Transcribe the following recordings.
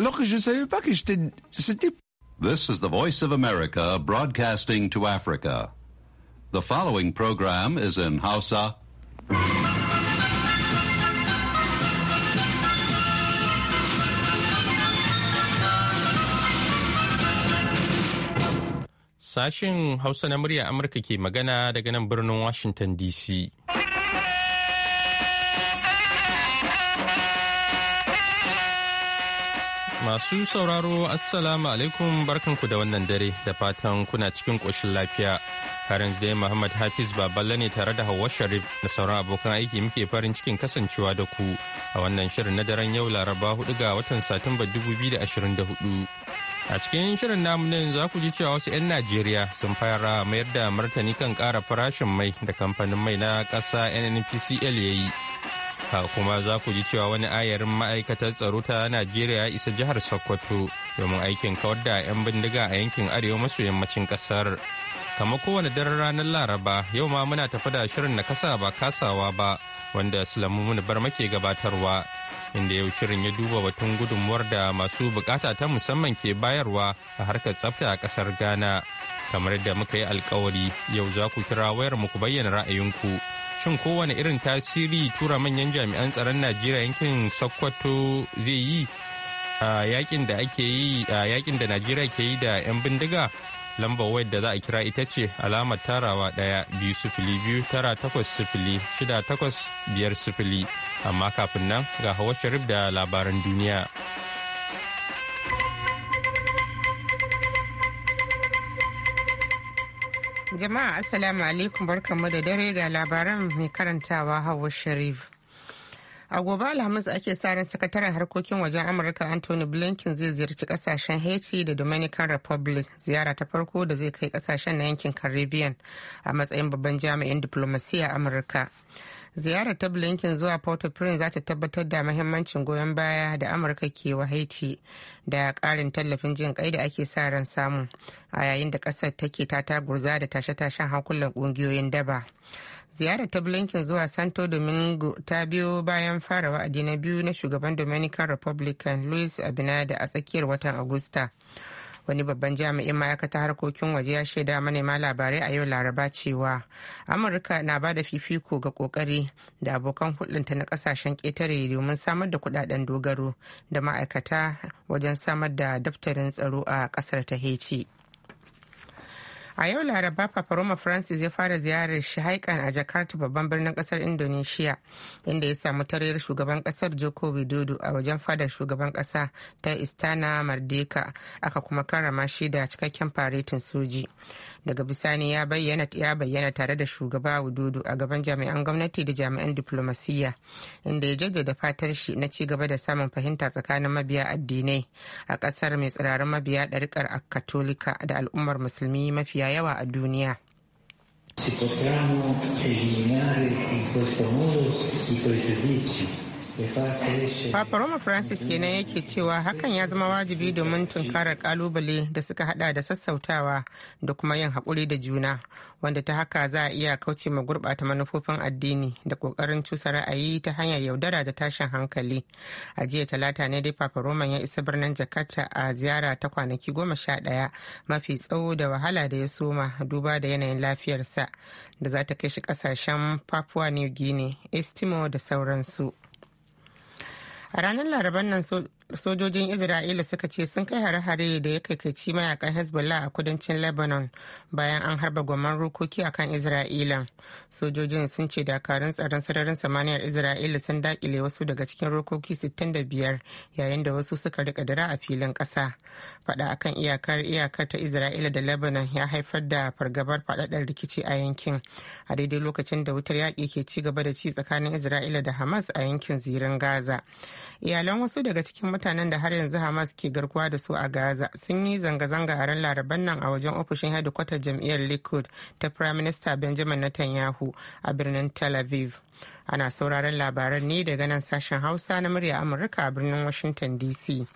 alors que je ne savais pas que j'étais... This is the Voice of America broadcasting to Africa. The following program is in Hausa. Sashin Hausa na murya Amurka ke magana daga nan birnin Washington DC. Masu sauraro Assalamu alaikum barkanku da wannan dare da fatan kuna cikin ƙoshin lafiya. Karin dai Muhammad Hafiz Baballe ne tare da Hauwa Sharif da sauran abokan aiki muke farin cikin kasancewa da ku a wannan shirin na daren yau Laraba 4 ga watan Satumba 2024. A cikin shirin namu nan za ku ji cewa wasu 'yan Najeriya sun fara mayar da martani kan ƙara farashin mai da kamfanin mai na ƙasa NNPCL ya yi. haka kuma za ku ji cewa wani ayarin ma'aikatar tsaro ta najeriya isa jihar sokoto domin aikin kawar da 'yan bindiga a yankin arewa maso yammacin kasar kama kowane daren ranar laraba yau ma muna tafi da shirin na kasa ba kasawa ba wanda sulamu bar make gabatarwa inda yau shirin ya duba batun gudunmuwar da masu bukata ta musamman ke bayarwa a harkar tsafta a kasar ghana kamar yadda muka yi alkawari yau za ku kira wayar ku bayyana ra'ayinku shin kowane irin tasiri tura manyan jami'an tsaron najeriya yankin sokoto zai yi a yakin da ake yi a yakin da najeriya ke yi da 'yan bindiga lambar wayar da za a kira ita ce alamar tarawa ɗaya biyu sifili biyu tara takwas sifili shida takwas biyar sifili amma kafin nan ga hawa sharif da labaran duniya jama'a assalamu alaikum barkanmu da dare ga labaran mai karantawa hawa sharif a gobe alhamis ake sa ran sakataren harkokin wajen amurka anthony blinken zai ziyarci kasashen haiti da dominican republic ziyara ta farko da zai kai kasashen na yankin caribbean a matsayin babban jami'in diplomasiya amurka ziyarar ta blinken zuwa port prince za ta tabbatar da mahimmancin goyon baya da amurka ke wa haiti da karin tallafin jin kai da ake sa ran samu a yayin da kasar take ta tagurza da tashe-tashen hankulan kungiyoyin daba ziyarar ta blinken zuwa santo domingo ta biyo bayan fara wa'adi na biyu na shugaban dominican republican luis abinada a tsakiyar watan agusta wani babban jami'in ma'aikatar harkokin waje ya shaida manema labarai a yau laraba cewa amurka na ba da fifiko ga kokari da abokan hulɗanta na kasashen ƙetare domin samar da kudaden dogaro da ma'aikata wajen samar da daftarin tsaro a ƙasar ta haiti a yau laraba papa roma francis ya fara ziyarar shi haikan a jakarta babban birnin kasar indonesia inda ya samu tarayyar shugaban kasar joko widodo a wajen fadar shugaban kasa ta istana mardeka aka kuma karrama shi da cikakken faretin soji daga bisani ya bayyana ya bayyana tare da shugaba wududu a gaban jami'an gwamnati da jami'an diplomasiya inda ya jaddada fatar shi na ci gaba da samun fahimta tsakanin mabiya addinai a kasar mai tsirarin mabiya ɗarikar a katolika da al'ummar musulmi mafiya yawa a duniya Si potranno eliminare in questo modo i pregiudizi Papa Roma Francis kenan yake cewa hakan ya zama wajibi domin tunkarar kalubale da suka hada da sassautawa da kuma yin haƙuri da juna wanda ta haka za a iya kauce ma gurɓata manufofin addini da ƙoƙarin cusa ra'ayi ta hanyar yaudara da tashin hankali. A jiya talata ne dai Papa Roma ya isa birnin Jakarta a ziyara ta kwanaki goma sha ɗaya mafi tsawo da wahala da ya soma duba da yanayin lafiyarsa da za ta kai shi ƙasashen Papua New Guinea, Estimo da sauransu. ranar laraban nan sojojin isra'ila suka ce sun kai hare-hare da ya kaikaici mayakan hezbollah a kudancin lebanon bayan an harba gwamnan rukoki akan isra'ila sojojin sun ce dakarun tsaron sararin samaniyar isra'ila sun dakile wasu daga cikin rukoki 65 yayin da wasu suka rika dira a filin kasa fada akan iyakar iyakar ta isra'ila da lebanon ya haifar da fargabar faɗaɗar rikici a yankin a daidai lokacin da wutar yaƙi ke ci gaba da ci tsakanin isra'ila da hamas a yankin zirin gaza iyalan wasu daga cikin mutanen da har yanzu hamas ke garkuwa da su a gaza sun yi zanga-zanga a ran laraban nan a wajen ofishin hedikwatar jam'iyyar likud ta prime minister benjamin netanyahu a birnin tel aviv ana sauraron labaran ne daga nan sashen hausa na murya amurka a birnin washington dc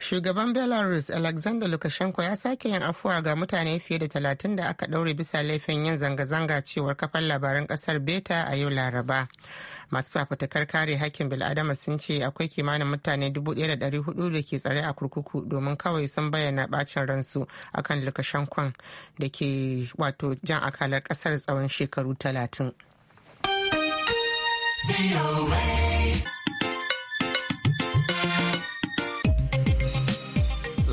shugaban belarus alexander lukashenko ya sake yin afuwa ga mutane fiye da talatin da aka ɗaure bisa laifin yin zanga-zanga cewar kafar labaran ƙasar beta a yau laraba masu fafutukar kare hakkin bil'adama sun ce akwai kimanin mutane 1,400 da ke tsare a kurkuku domin kawai sun bayyana bacin ransu akan lukashenkon da ke wato jan akalar ƙasar tsawon shekaru talatin.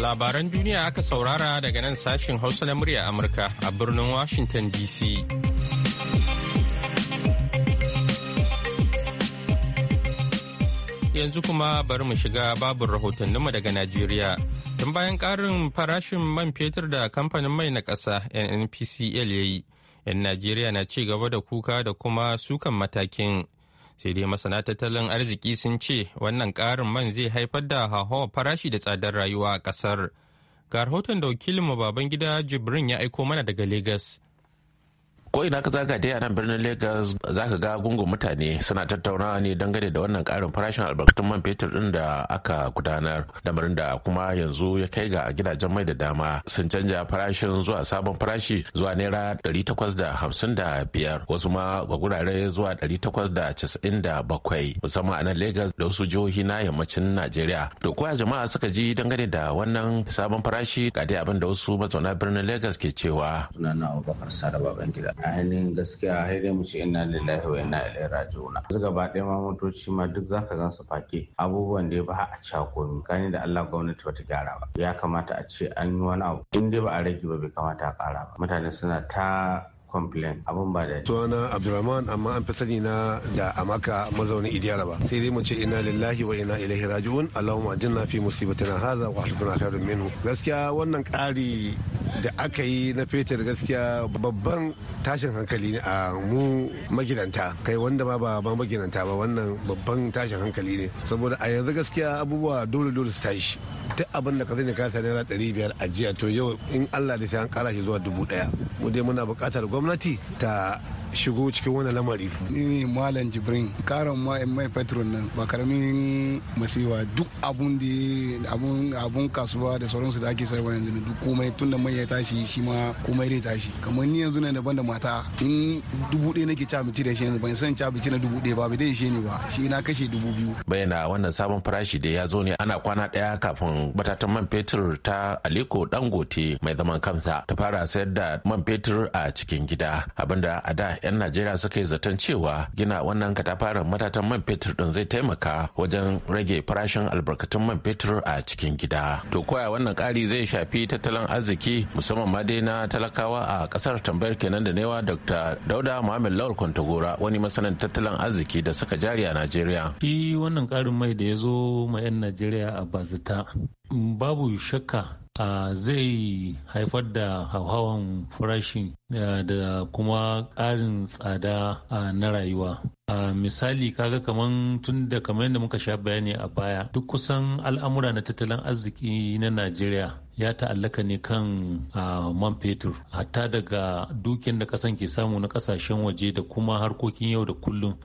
labaran duniya aka saurara daga nan sashin Hausa na murya Amurka a birnin Washington DC. Yanzu kuma bari mu shiga babin rahotanninmu daga Najeriya. Tun bayan ƙarin farashin man fetur da kamfanin mai na ƙasa NNPCL ya yi, 'yan Najeriya na ci gaba da kuka da kuma sukan matakin. sai dai masana tattalin arziki sun ce wannan ƙarin man zai haifar da hauhawar farashi da tsadar rayuwa a ƙasar ga rahoton da wakilinmu baban gida jibrin ya aiko mana daga lagos ko ina ka zaga dai a nan birnin lagos za ka ga gungun mutane suna tattaunawa ne dangane da wannan karin farashin albarkatun man fetur din da aka gudanar lamarin da kuma yanzu ya kai ga gidajen mai da dama sun canja farashin zuwa sabon farashi zuwa naira 855 wasu ma ga gurare zuwa 897 musamman a nan lagos da wasu jihohi na yammacin najeriya to koya jama'a suka ji dangane da wannan sabon farashi ga dai abin da wasu mazauna birnin lagos ke cewa abubakar gida ainihin gaskiya har dai mu ce inna lillahi wa inna ilaihi raji'un su gaba ɗaya ma motoci ma duk zaka gan su fake abubuwan da ya ba a komi kani da Allah gwamnati ba ta gyara ba ya kamata a ce an yi wani abu in dai ba a rage ba bai kamata a ƙara ba mutane suna ta complain abun ba da suna abdulrahman amma an fi sani na da maka mazaunin idiyar ba sai dai mu ce ina lillahi wa ina ilaihi raji'un allahumma ajinna fi musibatina hadha wa ahlifna khairun minhu gaskiya wannan ƙari da aka yi na fetur gaskiya babban tashin hankali ne a mu magidanta kai wanda ma ba ba magidanta ba wannan babban tashin hankali ne saboda a yanzu gaskiya abubuwa dole dole su tashi duk abin da ka zai ka sa naira ɗari biyar a jiya to yau in allah da sai an kara shi zuwa dubu ɗaya mu dai muna buƙatar gwamnati ta shigo cikin wani lamari ni ne malam jibrin karon ma in mai patron nan ba karamin masiwa duk abun da abun abun kasuwa da sauransu da ake sayarwa yanzu duk komai tun da mai ya tashi shi ma komai zai tashi kamar ni yanzu na daban da mata in dubu ɗaya nake ci abinci da shi yanzu ban san ci abinci na dubu ɗaya ba bai dai shi ne ba shi na kashe dubu biyu bayyana wannan sabon farashi da ya zo ne ana kwana ɗaya kafin batatan man fetur ta aliko dangote mai zaman kansa ta fara sayar da man fetur a cikin gida abinda a da 'yan najeriya suka yi zaton cewa gina wannan katafaren matatan man fetur din zai taimaka wajen rage farashin albarkatun man fetur a cikin gida to koya wannan ƙari zai shafi tattalin arziki musamman ma dai na talakawa a ƙasar tambayar kenan da newa dr dauda muhammad lawal kwantagora wani masanin tattalin arziki da suka jari a najeriya shi wannan ƙarin mai da ya zo ma 'yan najeriya a bazita babu shakka zai haifar da hauhawan farashin da kuma ƙarin tsada na rayuwa a misali kaga kaman tun da kamar yadda muka sha bayani a baya duk kusan al'amura na tattalin arziki na najeriya ya ta'allaka ne kan man fetur hatta daga dukiyar da kasan ke samu na kasashen waje da kuma harkokin yau da kullum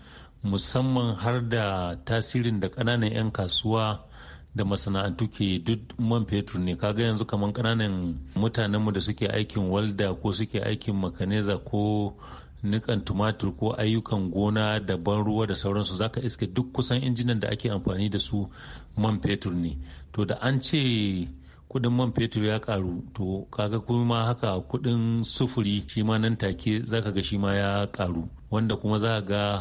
musamman har da tasirin da ƙananan 'yan kasuwa da masana'antu ke duk man fetur ne kaga yanzu kamar kananan mutanenmu da suke aikin walda ko suke aikin makaneza ko nikan tumatur ko ayyukan gona da ban ruwa da sauransu zaka iske duk kusan injinan da ake amfani da su man fetur ne to da an ce kudin man fetur ya karu to kaga kuma haka kudin sufuri shi ma nan take zaka ga shi ma ya karu wanda kuma za ga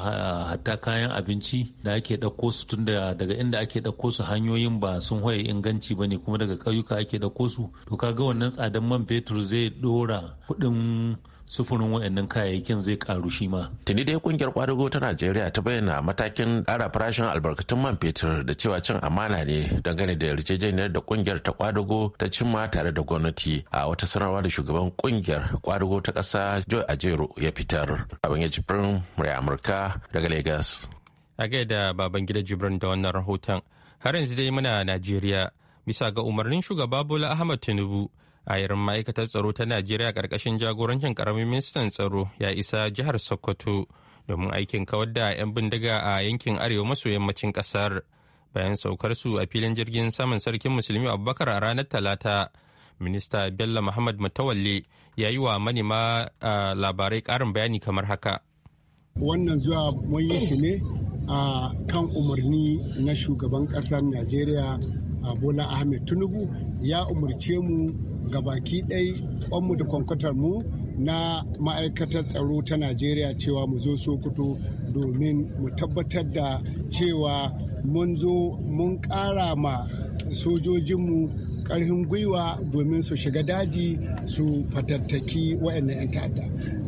hatta kayan abinci da ake ɗauko su tun daga inda ake ɗauko su hanyoyin ba sun hoye inganci ba ne kuma daga ƙauyuka ake ɗauko su to kaga wannan tsadan man fetur zai dora kudin. sufurin waɗannan kayayyakin zai karu shi ma. Tuni dai kungiyar kwadago ta Najeriya ta bayyana matakin ƙara farashin albarkatun man fetur da cewa cin amana ne dangane da yarjejeniyar da kungiyar ta kwadago ta cimma tare da gwamnati a wata sanarwa da shugaban kungiyar kwadago ta ƙasa Joy Ajero ya fitar. Abin ya jibrin murya Amurka daga Lagos. A gaida baban gida jibrin da wannan rahoton. Har yanzu dai muna Najeriya bisa ga umarnin shugaba Bola Ahmad Tinubu ayarin ma'aikatar tsaro ta najeriya karkashin jagorancin karamin ministan tsaro ya isa jihar sokoto domin aikin kawar da 'yan bindiga a yankin arewa maso yammacin ƙasar bayan saukar su a filin jirgin saman sarkin musulmi abubakar a ranar talata minista bello muhammad mutawalle ya yi wa manema labarai karin bayani kamar haka wannan zuwa mun yi shi ne a kan umarni na shugaban ƙasar najeriya bola ahmed tinubu ya umarce mu gabaki ɗai wanmu da kwankwatar mu na ma'aikatar tsaro ta najeriya cewa mu zo sokoto domin mu tabbatar da cewa mun zo mun ƙara ma sojojinmu ƙarfin gwiwa domin su shiga daji su fatattaki waɗannan 'yan ta'adda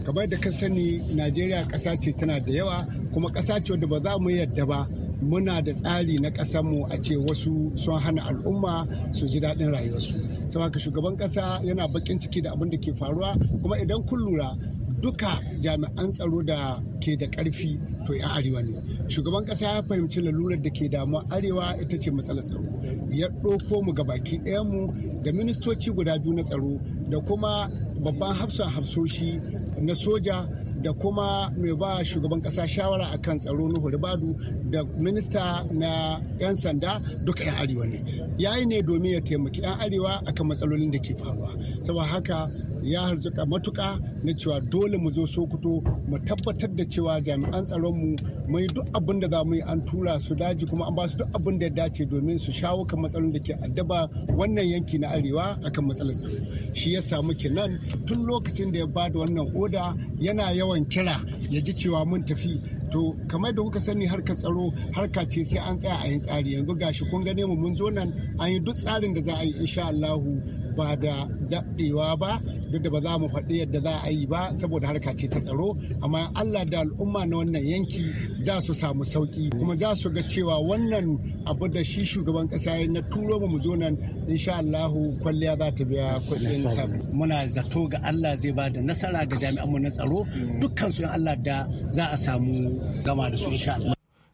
kamar da ka sani najeriya ƙasa ce tana da yawa kuma ƙasa ce wadda ba za mu yadda ba muna da tsari na ƙasarmu a ce wasu sun hana al'umma su ji daɗin rayuwarsu saboda shugaban ƙasa yana bakin ciki da abin da ke faruwa kuma idan kun lura duka jami'an tsaro da ke da ƙarfi to ya arewa ne shugaban ƙasa ya fahimci lalurar da ke damuwa arewa ita ce matsalar tsaro ya ɗauko mu ga baki ɗayanmu da ministoci guda biyu na tsaro da kuma babban hafsan hafsoshi na soja da kuma mai ba shugaban kasa shawara akan tsaro Nuhu Ribadu da minista na 'yan sanda duka 'yan arewa ne. Yayi ne domin ya taimaki 'yan arewa akan matsalolin da ke faruwa. Saboda haka ya harzuka matuka na cewa dole mu zo sokoto mu tabbatar da cewa jami'an tsaronmu mai duk abin da za mu yi an tura su daji kuma an ba su duk abin da ya dace domin su shawo kan matsalolin da ke addaba wannan yanki na arewa akan matsalar tsaro shi ya samu nan tun lokacin da ya ba da wannan oda yana yawan kira ya ji cewa mun tafi to kamar da kuka sani harkar tsaro harka ce sai an tsaya a yin tsari yanzu gashi kun gane mu mun zo nan an yi duk tsarin da za a yi insha Allahu ba da daɗewa ba duk da ba za mu faɗi yadda za a yi ba saboda harka ce ta tsaro amma allah da al'umma na wannan yanki za su samu sauki kuma za su ga cewa wannan abu da shi shugaban kasa ya na turo mu zo nan insha Allah kwalliya za ta biya kuɗin sabu muna zato ga allah zai ba da nasara ga jami'an mu na tsaro dukkan su allah da za a samu gama da su insha allah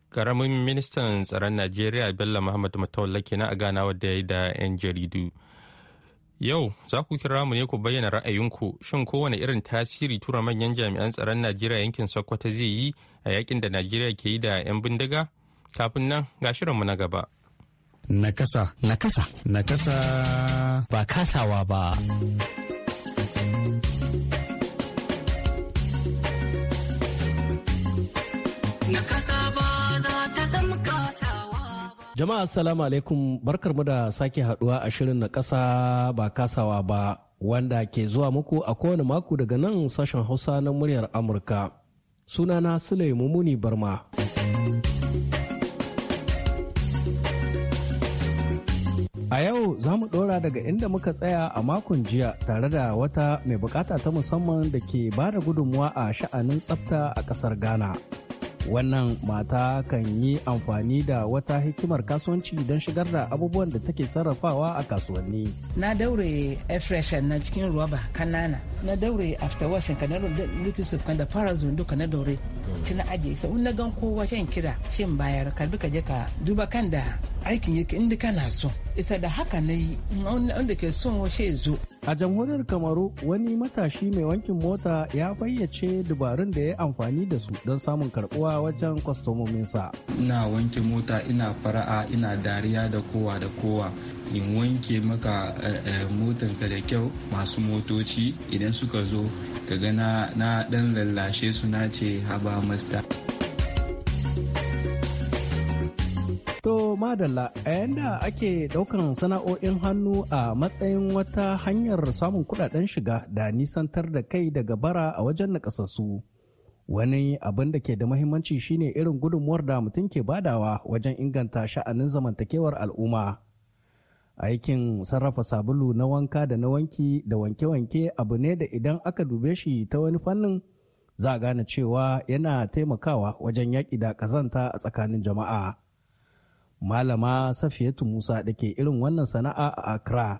karamin ministan tsaron najeriya bello muhammad matawalla na a ganawa da ya yi da 'yan jaridu Yau za ku kira mu ne ku bayyana ra'ayinku shin kowane irin tasiri tura manyan jami'an tsaron Najeriya yankin Sokoto zai yi a yakin da Najeriya ke yi da 'yan bindiga? Kafin nan ga shirinmu na gaba. Nakasa. Nakasa. Nakasa. Ba kasawa ba. Nakasa. Jama'a assalamu alaikum barkarmu da sake haduwa a shirin na kasa ba kasawa ba wanda ke zuwa muku a kowane mako daga nan sashen Hausa na muryar Amurka. Sunana sulaimu muni Barma. A yau za mu ɗora daga inda muka tsaya a makon jiya tare da wata mai bukata ta musamman da ke ba da gudunmuwa a sha'anin tsafta a ƙasar Ghana. wannan mata kan yi amfani da wata hikimar kasuwanci don shigar da abubuwan da take sarrafawa a kasuwanni na daure air na cikin roba kanana na daure after washing ka na su kan da fara duka na daure ci na ajiye sai na gan kowa shan kira shin bayar karbi ka je ka duba kan da aikin yake inda kana so isa da haka na yi wanda ke son washe zo A jamhuriyar Kamaru wani matashi mai wankin mota ya fayyace dubarun da ya amfani da su don samun karbuwa wajen kwastomominsa. Ina wanke mota ina fara'a ina dariya da kowa da kowa in wanke maka eh, eh, motanka da kyau masu motoci idan suka zo ka gana na dan lallashe su na ce haba masta. To madalla a yanda ake daukan sana'o'in hannu a matsayin wata hanyar samun kudaden shiga da nisantar da kai daga bara a wajen nakasassu. Wani abin da ke da mahimmanci shine irin gudunmuwar da mutum ke badawa wajen inganta sha'anin zamantakewar al'umma. Aikin sarrafa sabulu na wanka da na wanki da wanke-wanke abu ne da idan aka dube shi ta wani fannin za a gane cewa yana taimakawa wajen yaƙi da ƙazanta a tsakanin jama'a. Malama Safiyatu Musa da ke irin wannan sana'a a Accra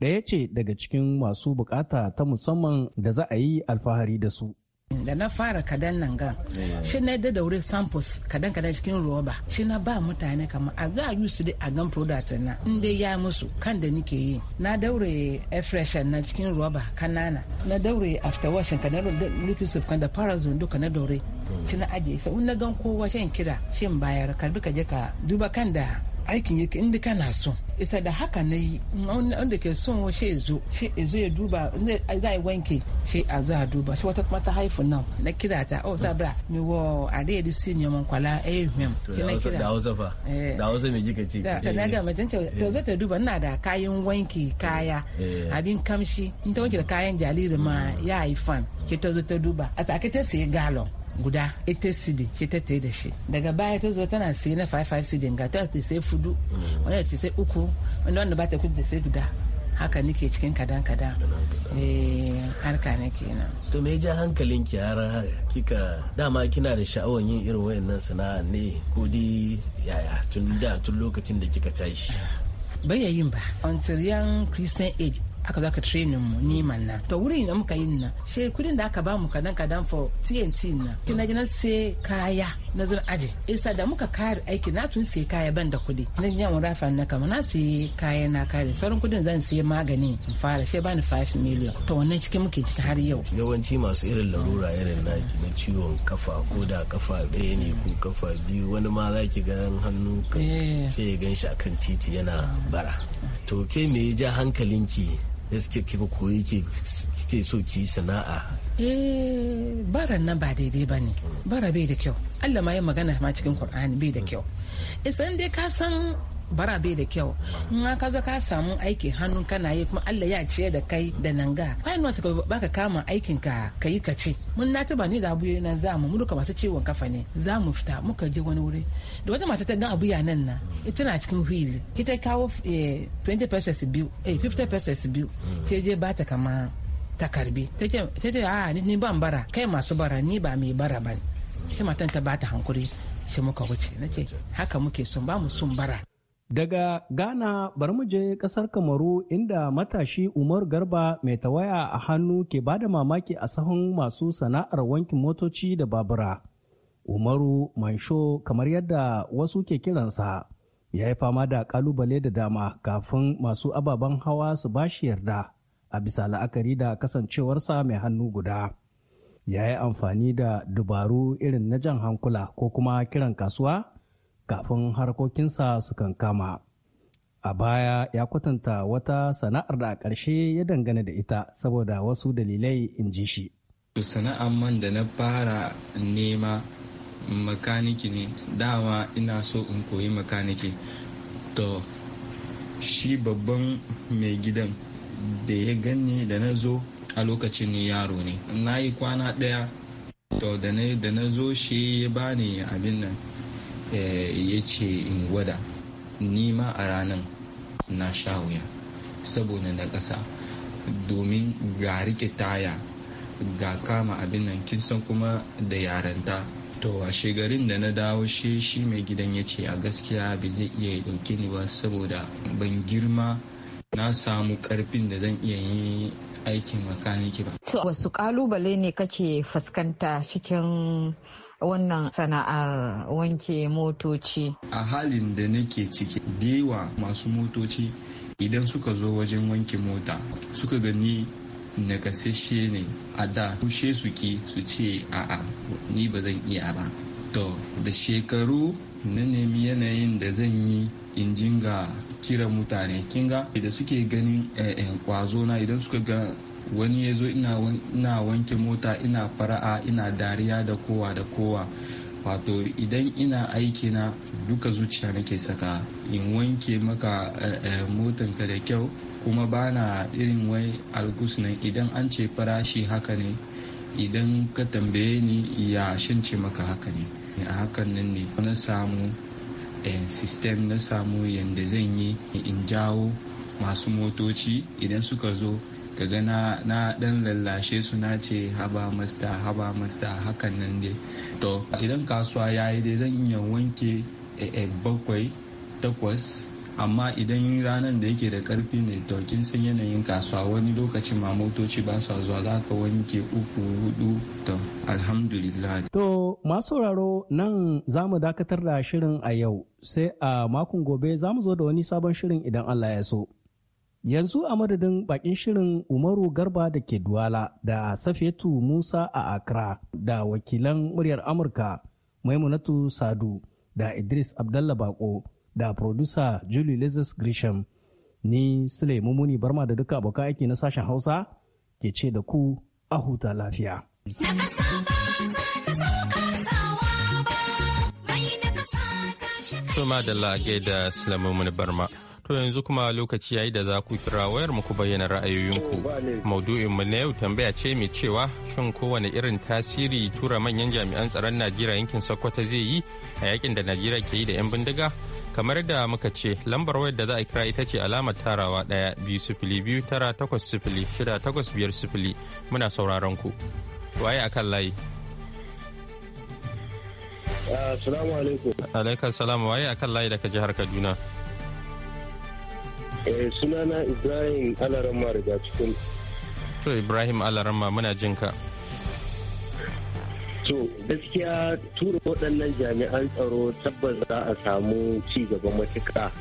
ɗaya ce daga cikin masu bukata ta musamman da za a yi alfahari da su. da na fara kadan nan gan eh. shi na da daure samples kadan kadan cikin roba shi na ba mutane kamar a za a yi su a gan product na in dai ya musu kan da nike yi na daure air freshen na cikin roba kanana na daure after wash kadan da lucusif kan da parazon duka na daure hmm. shi na ajiye in na gan kowa shan kira shi bayar ka je ka duba kan da aikin yake inda kana so isa da haka na yi wanda ke son shi zo shi zo ya duba za a wanke shi a zo a duba shi wata kuma ta haifu nan na kira ta o oh, sabra mi wo a eh, da yadda si neman kwala a yi miyan da hausa fa eh. da hausa mai jika ci. da na ga mace ta eh. zo ta duba na da kayan wanki kaya abin kamshi in ta wanke da kayan jariri ma mm. ya yi fan ki ta zo ta duba a ta sayi galon guda ita cd ke ta tayi da shi daga baya ta zo tana sai na 55 cd ga ta ta sai fudu wanda ta sai uku wanda wanda ba ta kudu da sai guda haka nike cikin kadan kadan eh harka na kenan to me ja hankalin ki har kika dama kina da sha'awar yin irin wayannan sana'a ne ko dai yaya tun da tun lokacin da kika tashi bai yin ba until christian age haka za ka training mu niman na. to wurin da muka yin na sai kudin da aka bamu kadan kadan for TNT na kina gina sai kaya na zo aje isa da muka kare aiki na tun sai kaya ban da kudi nan yan rafa na kama na sai kaya na kare sauran kudin zan sai magani in fara sai bani 5 million to wannan cikin muke ciki har yau yawanci masu irin larura irin na na ciwon kafa ko da kafa ɗaya ne ko kafa biyu wani ma za ki hannu eh. sai ya gan shi akan titi yana bara to ke me ya ja hankalinki da suke kika koyi kike so ki sana'a eh baran nan ba daidai ba ne bara bai da kyau Allah ma yi magana ma cikin kur'ani bai da kyau isan dai ka san bara bai da kyau in ka zo ka samu aikin hannun kana yi kuma Allah ya ciye da kai da nan ga why not ka baka kama aikin ka ka yi ka ce mun na taba ni da abuya na za mu muka masu ciwon kafa ne za mu fita muka je wani wuri da wata mata ta ga abuya nan na ita na cikin wheel ita kawo 20 eh, pesos biyu eh 50 pesos biyu ke je ba ta kama ta karbi ta ce a ni ban bara kai masu bara ni ba mai bara ba ne matan ta ba ta hankuri shi muka wuce na ce haka muke sun ba mu sun bara Daga Ghana bari mu je ƙasar Kamaru inda matashi Umar Garba mai tawaya a hannu ke bada mamaki a sahun masu sana'ar wankin motoci da babura. Umaru Mansho kamar yadda wasu ke kiransa ya yi fama da ƙalubale da dama kafin masu ababen hawa su bashi yarda a bisa la'akari da kasancewarsa mai hannu guda. Ya yi amfani da dubaru irin na jan hankula ko kuma kiran kasuwa kafin harkokinsa su kama A baya ya kwatanta wata sana'ar da a ƙarshe ya dangana da ita saboda wasu dalilai in ji shi. Sana'ar man da na fara nema makaniki ne dama ina so in koyi makaniki to shi babban mai gidan da ya ganni da na zo a lokacin yaro ne na yi kwana ɗaya to da na zo shi ya bani abin nan Eh, ya ce in gwada nima a ranan na sha wuya saboda na ƙasa domin ga rike taya ga kama abin nan kin san kuma da yaranta to a garin da na dawo shi shi mai gidan ya ce a gaskiya bai zai iya yi ɗauke ni ba saboda ban girma na samu karfin da zan iya yi aikin makaniki ba. wasu kalubale ne kake fuskanta cikin wannan sana'ar wanke motoci a halin da nake ciki dewa masu motoci idan suka zo wajen wanke mota suka gani nagasasshe ne a da kushe suke su ce a'a ni ba zan iya ba to da shekaru na nemi yanayin da zan yi in jinga kira mutane kinga da suke ganin kwazo eh, eh, na idan suka ga wani ya zo ina wanke mota ina fara'a ina dariya da kowa da kowa wato idan ina aiki na duka zuciya nake saka in wanke maka eh, eh, motanka da kyau kuma ba na irin wai algus idan an ce farashi haka ne idan ka tambaye ni ya shince maka haka ne a hakan nan ne na samu eh, system na samu yadda zan yi in jawo masu motoci idan suka zo kaga na na dan lallashe su na ce haba masta haba masta hakan nan dai to idan kasuwa ya yi dai zan iya wanke eh, eh, bakwai takwas amma idan ranar da yake da karfi ne to kin san yanayin kasuwa wani lokaci ma motoci ba su zuwa za ka wanke uku hudu to alhamdulillah to masu sauraro nan za mu dakatar da shirin a yau sai a makon gobe za mu zo da wani sabon shirin idan Allah ya so Yanzu a madadin bakin shirin Umaru Garba da ke Duwala da Safetu Musa a Accra da wakilan muryar Amurka Maimunatu Sadu da Idris Abdalla Bako da producer Julie Lizis Grisham ni Sulaimu Muni Barma da duka abokan aiki na sashen Hausa ke ce da ku a huta lafiya. Suma da lage da Sulaimu Muni Barma. To yanzu kuma lokaci yayi da za ku kira wayar ku bayyana ra'ayoyinku. Maudu'in mu na yau tambaya ce mai cewa shin kowane irin tasiri tura manyan jami'an tsaron Najeriya yankin Sokoto zai yi a yakin da Najeriya ke yi da 'yan bindiga? Kamar da muka ce lambar wayar da za a kira ita ce alamar tarawa ɗaya biyu sifili biyu tara takwas sifili shida takwas biyar sifili muna sauraron ku. Waye akan layi? Assalamu alaikum. Alaikum salam waye akan layi daga jihar Kaduna. Eh, sunana ibrahim alarama daga cikin to ibrahim alarama muna jin ka to gaskiya tura waɗannan jami'an tsaro tabbas za a samu ci gaba matuƙa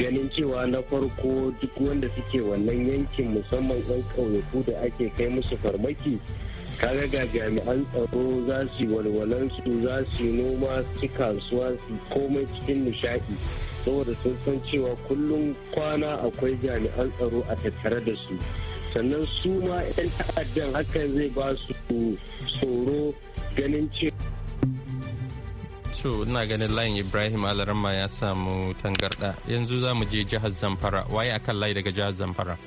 ganin cewa na farko duk wanda suke wannan yankin musamman 'yan ƙauyaku da ake kai musu farmaki kaga ga jami'an tsaro za su yi walwalansu za su yi noma su kasuwa su komai cikin nishaɗi saboda sun san cewa kullum kwana akwai jami'an tsaro a tattare da su sannan su ma 'yan ta'addan hakan zai ba su tsoro ganin cewa so ina ganin layin ibrahim alarama ya samu tangarda yanzu za mu je jihar zamfara waye akan layi daga jihar zamfara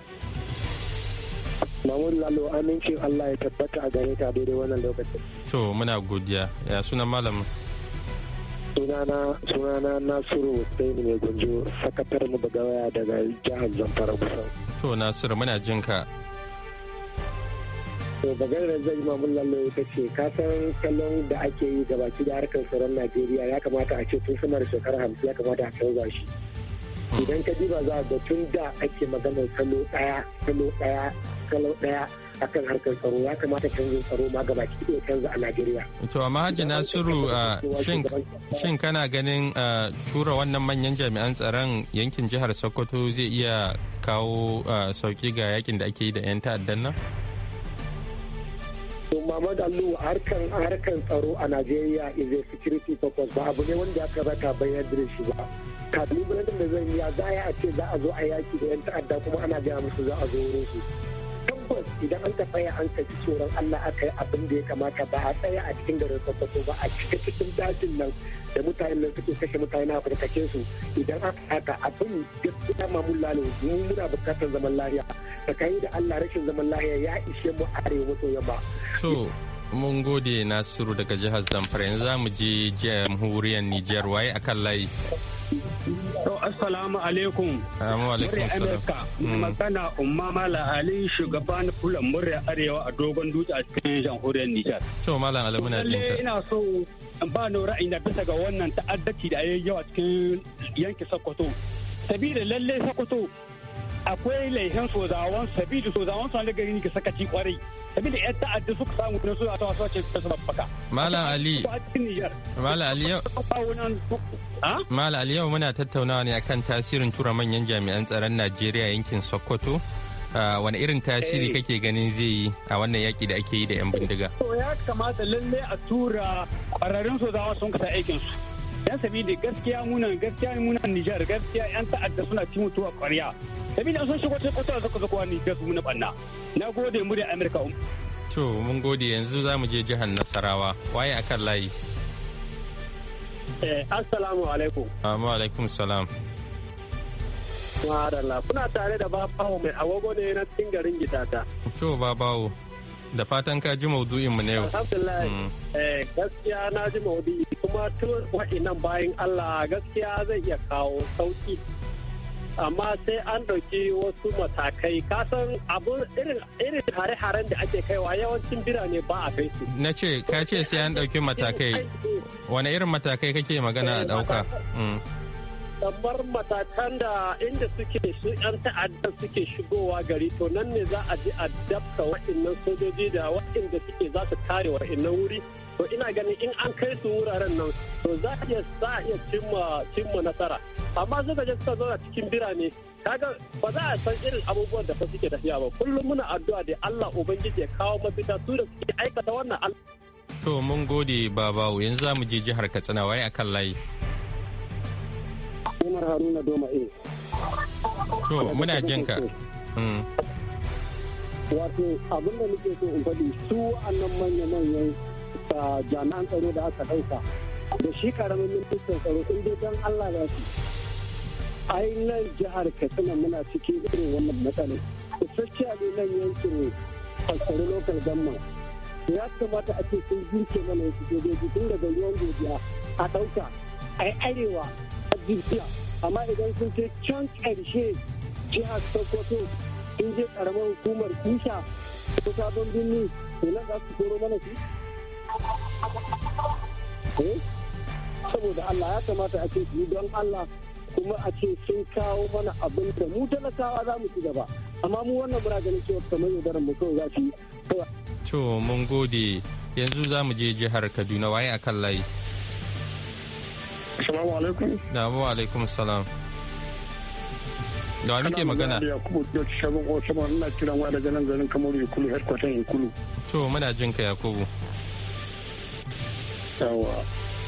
Mamun Lalo amincin Allah ya tabbata a gare ka daidai wannan lokacin. To muna godiya ya sunan malamin. sunana sunana nasiru sai mai gunjo sakatar mu daga waya daga jihar zamfara kusan to nasiru muna jin ka to da zai ma mun lallai ita ce kasan kallon da ake yi baki da harkar tsaron najeriya ya kamata a ce tun sama da shekara hamsin ya kamata a canza shi idan ka diba za ga tun da ake maganar kalo daya kalo daya kalo daya akan harkar tsaro ya kamata canjin tsaro ma gaba ki ya canza a Najeriya. To amma Hajji Nasiru uh, shin kana ganin uh, tura wannan manyan jami'an tsaron yankin jihar Sokoto zai iya kawo uh, sauki ga yakin da ake yi da 'yan ta'addan nan? to Muhammad Allu harkan harkan tsaro a Najeriya is a security focus ba abu ne wanda aka raka bayar da shi ba kalubalen da zan ya za a ce za a zo a yaki da yan ta'adda kuma ana gaya musu za a zo wurin su tabbas idan an tsaya an kaji tsoron Allah aka yi abin da ya kamata ba a tsaya a cikin garin Sokoto ba a cike cikin dajin nan da mutanen nan suke kashe mutane a farkace su idan aka haka abin gaskiya mamun lalo mun muna bukatar zaman lahiya tsakani da Allah rashin zaman lahiya ya ishe mu arewa maso yamma. Mun gode Nasiru daga jihar Zamfara yanzu za mu je jamhuriyar Nijar waye akan layi. To assalamu alaikum. Assalamu ah, alaikum Amurka. Hmm. Magana umma Mala Ali Shugaban Kula murya arewa a dogon dutse a cikin jamhuriyar Nijar. To Malam Ali muna jin ka. ina so ba ni ra'ayi na bisa ga wannan ta'addaci da yayi yawa cikin yankin Sokoto. Sabida lalle Sokoto akwai laihin sozawan sabida sozawan sun gari ne ka sakaci kwarai sabida yan ta'adda suka samu na su a tawa su ce su babbaka malam ali malam ali yau malam ali yau muna tattaunawa ne akan tasirin tura manyan jami'an tsaron Najeriya yankin Sokoto ah, wani irin tasiri eh. kake ganin zai yi a wannan yaƙi da ake yi da 'yan bindiga? To ya kamata lalle a tura ƙwararrun sozawa sun kasa aikinsu. yan sabida gaskiya munan gaskiya munan Nijar gaskiya yan ta'adda suna ci mutuwa ƙwarya sabida sun shigo cikin kwatar suka zakuwa Nijar su muna banna na gode mu da Amerika to mun gode yanzu za mu je jihar Nasarawa waye akan layi eh assalamu alaikum ah, wa alaikum salam kuna tare da babawo mai agogo ne na cikin garin gidata. To babawo. da fatan ka ji maudu'in mu ne yau alhamdulillah mm. eh, gaskiya na ji maudu'i kuma tun wa'innan bayan Allah gaskiya zai iya kawo sauki amma sai an ɗauki wasu matakai kasan abin irin hare-haren da ake kaiwa yawancin birane ba a kai su. Na ce, ka ce sai an ɗauki matakai, wane irin matakai kake magana a ɗauka? Eh, mm. kamar matakan da inda suke su 'yan ta'addan suke shigowa gari to nan ne za a ji a dabta wa'annan sojoji da wa'inda suke za su kare wa'annan wuri to ina ganin in an kai su wuraren nan to za a iya sa iya cimma cimma nasara amma su je suka zauna cikin birane kaga ba za a san irin abubuwan da fa suke tafiya ba kullum muna addu'a da Allah ubangiji ya kawo mafita su da suke aikata wannan to mun gode babawo yanzu za mu je jihar Katsina waye akan layi Umar Haruna Doma A. To muna jin ka. Hmm. Wato abin da nake so in faɗi su wa'annan manya-manyan ah, jami'an tsaro da aka ɗauka da shi karamin ministan tsaro in dai don Allah ba su. Ai nan jihar Katsina muna cikin irin wannan matsala. Kusacce a nan yankin Fassaro Local gamma ya kamata a ce sun zuke mana wasu sojoji tun daga ruwan godiya a ɗauka a arewa jibiya amma idan sun kai can ƙarshe jihar sokoto sun je karamar hukumar kisha ko sabon birni to nan za su koro mana shi eh? saboda allah ya kamata a ce su don allah kuma a ce sun kawo mana abin da mu talakawa za mu ci gaba amma mu wannan muna ganin cewa kamar yaudaran mu kawai za su yi to mun gode yanzu za mu je jihar kaduna waye akan layi Assalamu alaikum. Da wa Da muke magana? To muna jin ka Yakubu. Yawa.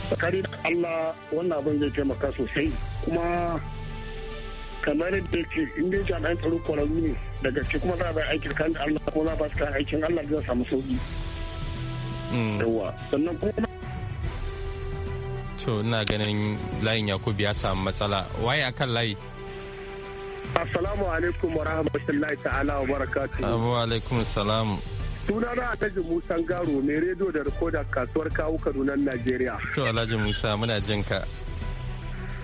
da Allah wannan abin zai yake jami'an tsaro kwararru ne daga kuma za a bai aikin kan Allah ko za a ba aikin Allah zai samu sauki. Mm. sannan kuma to ina ganin layin yakubu ya samu matsala waye akan layi assalamu alaikum wa rahmatullahi ta'ala wa barakatuhu wa alaikum salam suna na alhaji musa garo mai rediyo da rikodar kasuwar kawo kaduna najeriya to alhaji musa muna jinka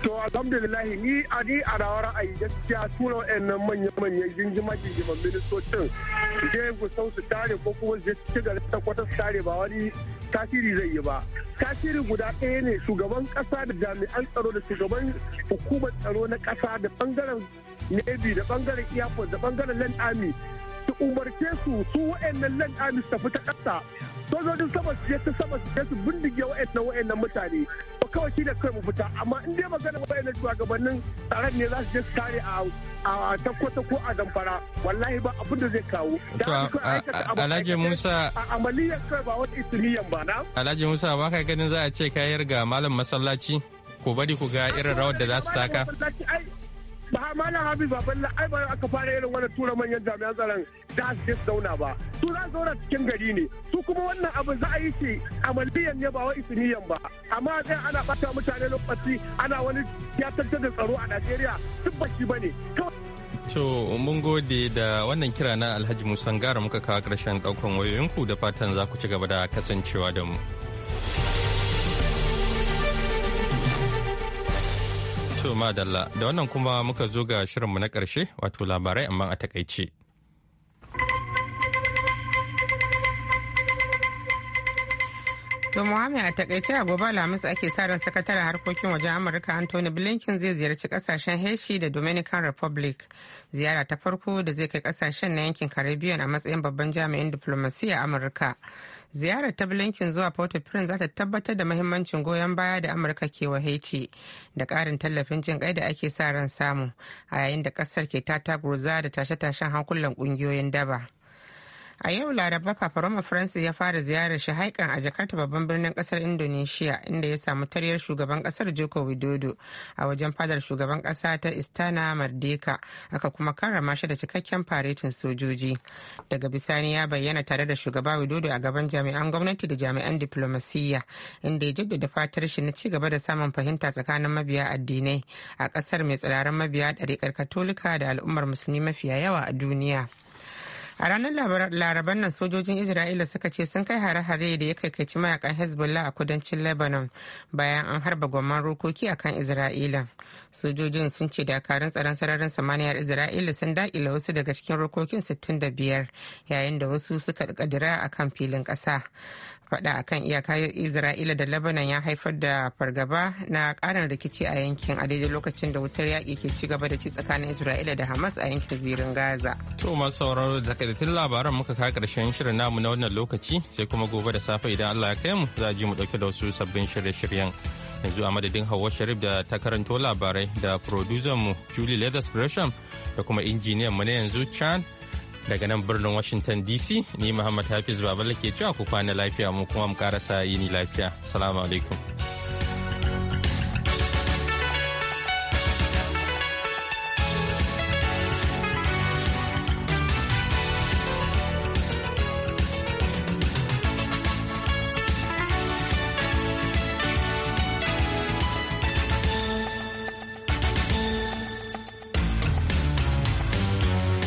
To alhamdulillahi ni a ni a rawar ra'ayi gaskiya tura wa'annan manya-manyan jinjima jinjiman ministocin je gusau su tare ko kuma je ci gari ta kwata su tare ba wani tasiri zai yi ba. Tasiri guda ɗaya ne shugaban ƙasa da jami'an tsaro da shugaban hukumar tsaro na ƙasa da ɓangaren Navy da ɓangaren iyakon da ɓangaren Land Army umarce su su wa'annan nan army fita tafi ta ƙasa sojojin sama su sama su su bindige wa'annan wa'annan mutane ba kawai shi da kai mu fita amma in dai magana wa'annan shugabannin tsaron ne za su je su kare a takwata ko a zamfara wallahi ba abin da zai kawo alhaji musa a amaliyar kai ba wata ba na alhaji musa ba ka ganin za a ce kayar ga malam masallaci ko bari ku ga irin rawar da za su taka ba habi ba balla ai ba aka fara irin wannan tura manyan jami'an tsaron da su zauna ba su za zauna cikin gari ne su kuma wannan abu za a yi shi amaliyan ne ba wa isiniyan ba amma sai ana bata mutane lokaci ana wani ya da tsaro a Najeriya duk ba shi bane To mun gode da wannan kira na Alhaji Musa Gara muka kawo ƙarshen ɗaukan wayoyinku da fatan za ku ci gaba da kasancewa da mu. To madalla da wannan kuma muka zo ga shirinmu na karshe wato labarai amma a takaice. To Muhammad a takaice a gobe Alhamis ake sa ran sakataren harkokin wajen Amurka Anthony Blinken zai ziyarci kasashen heshi da Dominican Republic. Ziyara ta farko da zai kai kasashen na yankin Caribbean a matsayin babban jami'in diplomasiya Amurka. ziyarar ta blinken zuwa port-au-prince za ta tabbatar da mahimmancin goyon baya da amurka ke wa haiti da karin tallafin jin kai da ake sa ran samu a yayin da kasar ke tata gurza da tashe-tashen hankulan kungiyoyin daba a yau laraba roma francis ya fara ziyarar shi haikan a jakarta babban birnin kasar indonesia inda ya samu taryar shugaban kasar joko widodo a wajen fadar shugaban kasa ta istana mardeka aka kuma karrama shi da cikakken faretin sojoji daga bisani ya bayyana tare da shugaba widodo a gaban jami'an gwamnati da jami'an diplomasiyya inda ya jaddada fatar shi na cigaba da samun fahimta tsakanin mabiya addinai a kasar mai tsiraran mabiya ɗariƙar katolika da al'ummar musulmi mafiya yawa a duniya. a ranar laraban nan sojojin isra'ila suka ce sun kai hare-hare da ya kaikaici mayakan hezbollah a kudancin lebanon bayan an harba gwamman rokoki a kan isra'ila sojojin sun ce dakarun tsaron sararin samaniyar isra'ila sun daƙila wasu daga cikin rokokin 65 yayin da wasu suka kadira a kan filin ƙasa faɗa a kan iyaka isra'ila da labanan ya haifar da fargaba na ƙarin rikici a yankin a daidai lokacin da wutar yaƙi ke ci gaba da ci tsakanin isra'ila da hamas a yankin zirin gaza to masu sauraro da takaitattun labaran muka kawo karshen shirin namu na wannan lokaci sai kuma gobe da safe idan allah ya kai mu za a ji mu ɗauke da wasu sabbin shirye-shiryen yanzu a madadin hawa sharif da ta karanto labarai da producer mu julie leathers gresham da kuma injiniyan mu na yanzu chan daga nan birnin washington dc ni muhammad hafiz Babalake ke cewa ku kwana lafiya mu kuma mu karasa yini lafiya salamu alaikum